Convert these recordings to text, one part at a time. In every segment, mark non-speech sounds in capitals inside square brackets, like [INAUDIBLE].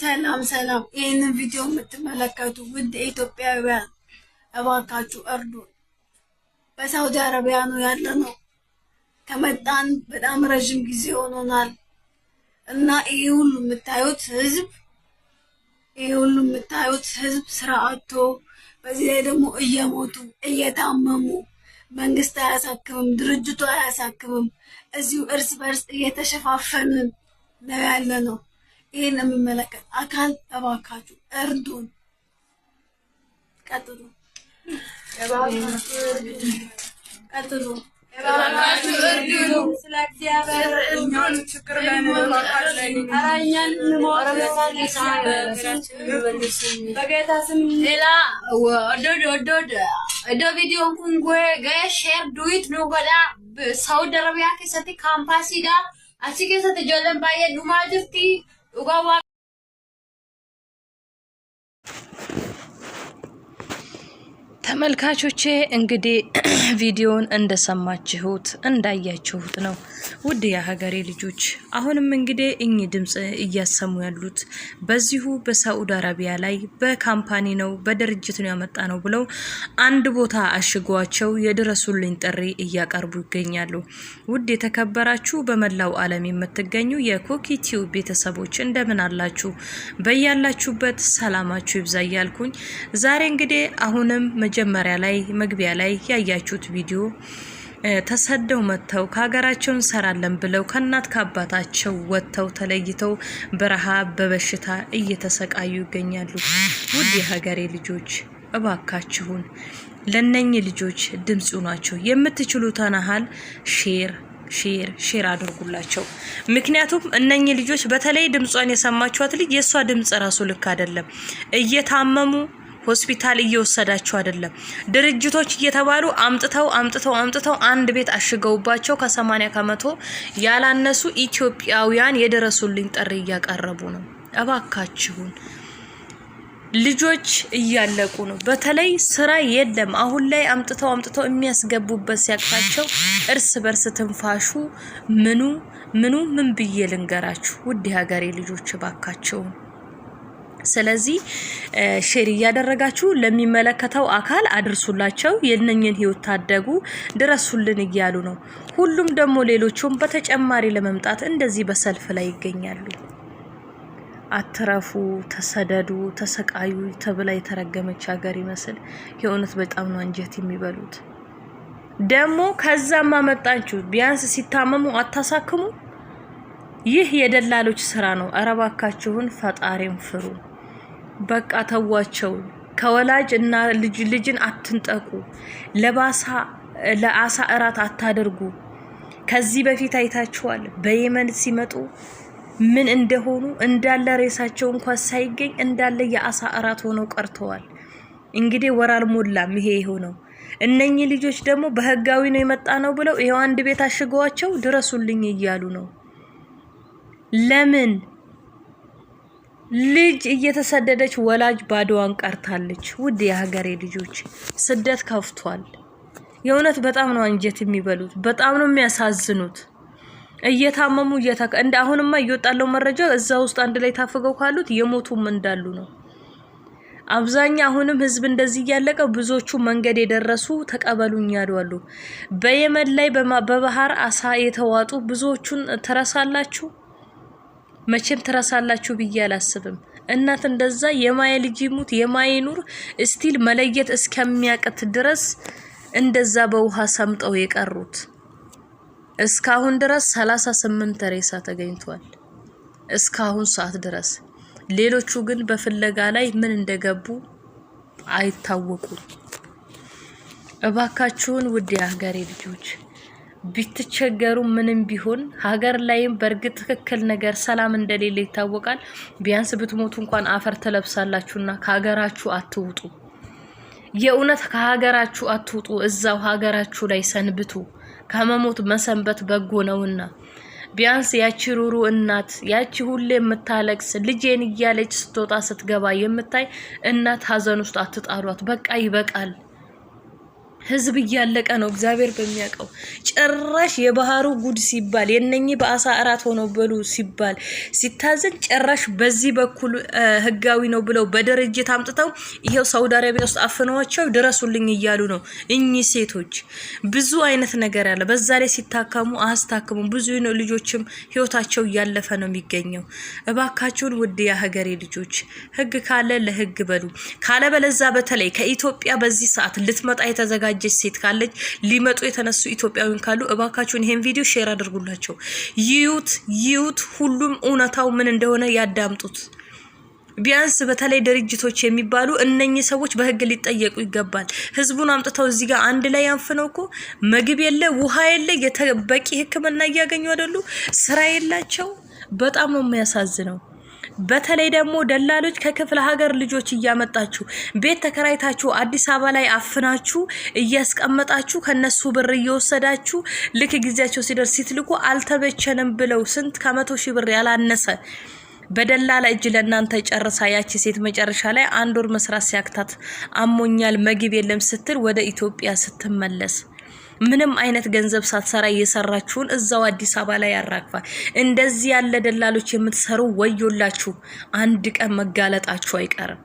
ሰላም ሰላም፣ ይህንን ቪዲዮ የምትመለከቱ ውድ ኢትዮጵያውያን እባካችሁ እርዱን። በሳውዲ አረቢያ ነው ያለ ነው። ከመጣን በጣም ረዥም ጊዜ ሆኖናል እና ይህ ሁሉ የምታዩት ህዝብ ይህ ሁሉ የምታዩት ህዝብ ስራ አጥቶ በዚህ ላይ ደግሞ እየሞቱ እየታመሙ መንግስት አያሳክምም፣ ድርጅቱ አያሳክምም። እዚሁ እርስ በርስ እየተሸፋፈንን ነው ያለ ነው። ይህን የሚመለከት አካል እባካችሁ እርዱን። ቀጥሉ ቀጥሉ። ሳውዲ አረቢያ keessatti kaampaasiidha achi keessatti ijoolleen baay'ee dhumaa jirti Igual lá ተመልካቾቼ እንግዲህ [CLEARS THROAT] ቪዲዮውን እንደሰማችሁት እንዳያችሁት ነው። ውድ የሀገሬ ልጆች አሁንም እንግዲህ እኚህ ድምፅ እያሰሙ ያሉት በዚሁ በሳዑድ አረቢያ ላይ በካምፓኒ ነው በድርጅት ነው ያመጣ ነው ብለው አንድ ቦታ አሽጓቸው የድረሱልኝ ጥሪ እያቀርቡ ይገኛሉ። ውድ የተከበራችሁ በመላው ዓለም የምትገኙ የኮኪቲው ቤተሰቦች እንደምን አላችሁ? በያላችሁበት ሰላማችሁ ይብዛ እያልኩኝ ዛሬ እንግዲህ አሁንም መጀ መጀመሪያ ላይ መግቢያ ላይ ያያችሁት ቪዲዮ ተሰደው መጥተው ከሀገራቸው እንሰራለን ብለው ከእናት ከአባታቸው ወጥተው ተለይተው በረሃብ በበሽታ እየተሰቃዩ ይገኛሉ። ውድ የሀገሬ ልጆች እባካችሁን ለነኚህ ልጆች ድምፁ ናቸው። የምትችሉትን ያህል ሼር ሼር ሼር አድርጉላቸው። ምክንያቱም እነኚህ ልጆች በተለይ ድምጿን የሰማችኋት ልጅ የእሷ ድምፅ ራሱ ልክ አይደለም እየታመሙ ሆስፒታል እየወሰዳቸው አይደለም። ድርጅቶች እየተባሉ አምጥተው አምጥተው አምጥተው አንድ ቤት አሽገውባቸው ከሰማኒያ ከመቶ ያላነሱ ኢትዮጵያውያን የደረሱልኝ ጥሪ እያቀረቡ ነው። እባካችሁን ልጆች እያለቁ ነው። በተለይ ስራ የለም። አሁን ላይ አምጥተው አምጥተው የሚያስገቡበት ሲያቅታቸው እርስ በርስ ትንፋሹ ምኑ ምኑ ምን ብዬ ልንገራችሁ? ውድ ሀገሬ ልጆች እባካቸውን ስለዚህ ሼር እያደረጋችሁ ለሚመለከተው አካል አድርሱላቸው። የነኝን ህይወት ታደጉ፣ ድረሱልን እያሉ ነው። ሁሉም ደግሞ ሌሎቹም በተጨማሪ ለመምጣት እንደዚህ በሰልፍ ላይ ይገኛሉ። አትረፉ፣ ተሰደዱ፣ ተሰቃዩ ተብላ የተረገመች ሀገር ይመስል የእውነት በጣም ነው አንጀት የሚበሉት። ደግሞ ከዛም አመጣችሁ ቢያንስ ሲታመሙ አታሳክሙ። ይህ የደላሎች ስራ ነው። እረባካችሁን ፈጣሪን ፍሩ። በቃ ተዋቸው። ከወላጅ እና ልጅ ልጅን አትንጠቁ። ለባሳ ለአሳ እራት አታደርጉ። ከዚህ በፊት አይታችኋል። በየመን ሲመጡ ምን እንደሆኑ እንዳለ ሬሳቸው እንኳን ሳይገኝ እንዳለ የአሳ እራት ሆነው ቀርተዋል። እንግዲህ ወር አልሞላም ይሄ የሆነው። እነኚህ ልጆች ደግሞ በህጋዊ ነው የመጣ ነው ብለው ይኸው አንድ ቤት አሽገዋቸው ድረሱልኝ እያሉ ነው ለምን ልጅ እየተሰደደች ወላጅ ባዶዋን ቀርታለች። ውድ የሀገሬ ልጆች ስደት ከፍቷል። የእውነት በጣም ነው አንጀት የሚበሉት። በጣም ነው የሚያሳዝኑት። እየታመሙ እየታ እንደ አሁንማ እየወጣለው መረጃ እዛ ውስጥ አንድ ላይ ታፍገው ካሉት የሞቱም እንዳሉ ነው። አብዛኛ አሁንም ህዝብ እንደዚህ እያለቀ ብዙዎቹ መንገድ የደረሱ ተቀበሉኝ ያሉ በየመን ላይ በባህር አሳ የተዋጡ ብዙዎቹን ትረሳላችሁ። መቼም ትረሳላችሁ ብዬ አላስብም። እናት እንደዛ የማየ ልጅ ይሙት የማየ ኑር እስቲል መለየት እስከሚያቅት ድረስ እንደዛ በውሃ ሰምጠው የቀሩት እስካሁን ድረስ 38 ሬሳ ተገኝቷል እስካሁን ሰዓት ድረስ። ሌሎቹ ግን በፍለጋ ላይ ምን እንደገቡ አይታወቁም። እባካችሁን ውድ የሀገሬ ልጆች ቢትቸገሩ ምንም ቢሆን ሀገር ላይም በእርግጥ ትክክል ነገር ሰላም እንደሌለ ይታወቃል። ቢያንስ ብትሞቱ እንኳን አፈር ትለብሳላችሁና ከሀገራችሁ አትውጡ። የእውነት ከሀገራችሁ አትውጡ። እዛው ሀገራችሁ ላይ ሰንብቱ። ከመሞት መሰንበት በጎ ነውና ቢያንስ ያቺ ሩሩ እናት ያቺ ሁሌ የምታለቅስ ልጄን እያለች ስትወጣ ስትገባ የምታይ እናት ሀዘን ውስጥ አትጣሏት። በቃ ይበቃል። ህዝብ እያለቀ ነው። እግዚአብሔር በሚያውቀው ጭራሽ የባህሩ ጉድ ሲባል የነኚህ በአሳ እራት ሆኖ በሉ ሲባል ሲታዘን ጭራሽ በዚህ በኩል ህጋዊ ነው ብለው በድርጅት አምጥተው ይሄው ሳውዲ አረቢያ ውስጥ አፍነዋቸው ድረሱልኝ እያሉ ነው። እኚህ ሴቶች ብዙ አይነት ነገር ያለ በዛ ላይ ሲታከሙ አስታክሙ ብዙ ልጆችም ህይወታቸው እያለፈ ነው የሚገኘው። እባካችሁን ውድ የሀገሬ ልጆች ህግ ካለ ለህግ በሉ ካለበለዛ በተለይ ከኢትዮጵያ በዚህ ሰዓት ልትመጣ የተዘጋ የተዘጋጀች ሴት ካለች ሊመጡ የተነሱ ኢትዮጵያውያን ካሉ እባካችሁን ይሄን ቪዲዮ ሼር አድርጉላቸው። ይዩት ይዩት፣ ሁሉም እውነታው ምን እንደሆነ ያዳምጡት። ቢያንስ በተለይ ድርጅቶች የሚባሉ እነኚህ ሰዎች በህግ ሊጠየቁ ይገባል። ህዝቡን አምጥተው እዚህ ጋር አንድ ላይ ያንፍነው እኮ ምግብ የለ ውሃ የለ በቂ ህክምና እያገኙ አይደሉ፣ ስራ የላቸው። በጣም ነው የሚያሳዝነው። በተለይ ደግሞ ደላሎች ከክፍለ ሀገር ልጆች እያመጣችሁ ቤት ተከራይታችሁ አዲስ አበባ ላይ አፍናችሁ እያስቀመጣችሁ ከነሱ ብር እየወሰዳችሁ ልክ ጊዜያቸው ሲደርስ ሲትልኩ አልተበቸንም ብለው ስንት ከመቶ ሺህ ብር ያላነሰ በደላላ እጅ ለእናንተ ጨርሳ ያቺ ሴት መጨረሻ ላይ አንድ ወር መስራት ሲያክታት አሞኛል፣ ምግብ የለም ስትል ወደ ኢትዮጵያ ስትመለስ ምንም አይነት ገንዘብ ሳትሰራ እየሰራችሁን እዛው አዲስ አበባ ላይ ያራግፋል። እንደዚህ ያለ ደላሎች የምትሰሩ ወዮላችሁ፣ አንድ ቀን መጋለጣችሁ አይቀርም።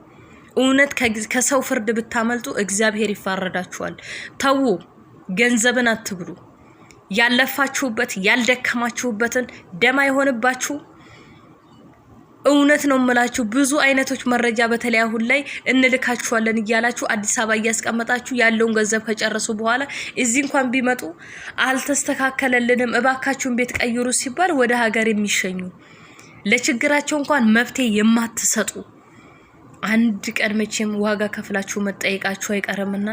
እውነት ከሰው ፍርድ ብታመልጡ እግዚአብሔር ይፋረዳችኋል። ተዉ፣ ገንዘብን አትብሉ። ያለፋችሁበት ያልደከማችሁበትን ደም አይሆንባችሁ እውነት ነው የምላችሁ። ብዙ አይነቶች መረጃ በተለይ አሁን ላይ እንልካችኋለን እያላችሁ አዲስ አበባ እያስቀመጣችሁ ያለውን ገንዘብ ከጨረሱ በኋላ እዚህ እንኳን ቢመጡ አልተስተካከለልንም፣ እባካችሁን ቤት ቀይሩ ሲባል ወደ ሀገር የሚሸኙ ለችግራቸው እንኳን መፍትሄ የማትሰጡ አንድ ቀን መቼም ዋጋ ከፍላችሁ መጠየቃችሁ አይቀርምና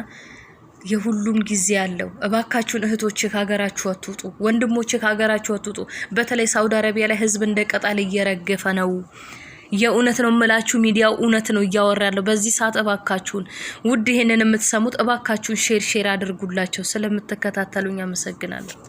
የሁሉም ጊዜ አለው። እባካችሁን እህቶች ከሀገራችሁ አትውጡ፣ ወንድሞች ከሀገራችሁ አትውጡ። በተለይ ሳውዲ አረቢያ ላይ ህዝብ እንደ ቀጣል እየረገፈ ነው። የእውነት ነው የምላችሁ፣ ሚዲያው እውነት ነው እያወራ ያለው በዚህ ሰዓት። እባካችሁን ውድ ይሄንን የምትሰሙት እባካችሁን ሼር ሼር አድርጉላቸው። ስለምትከታተሉኝ አመሰግናለሁ።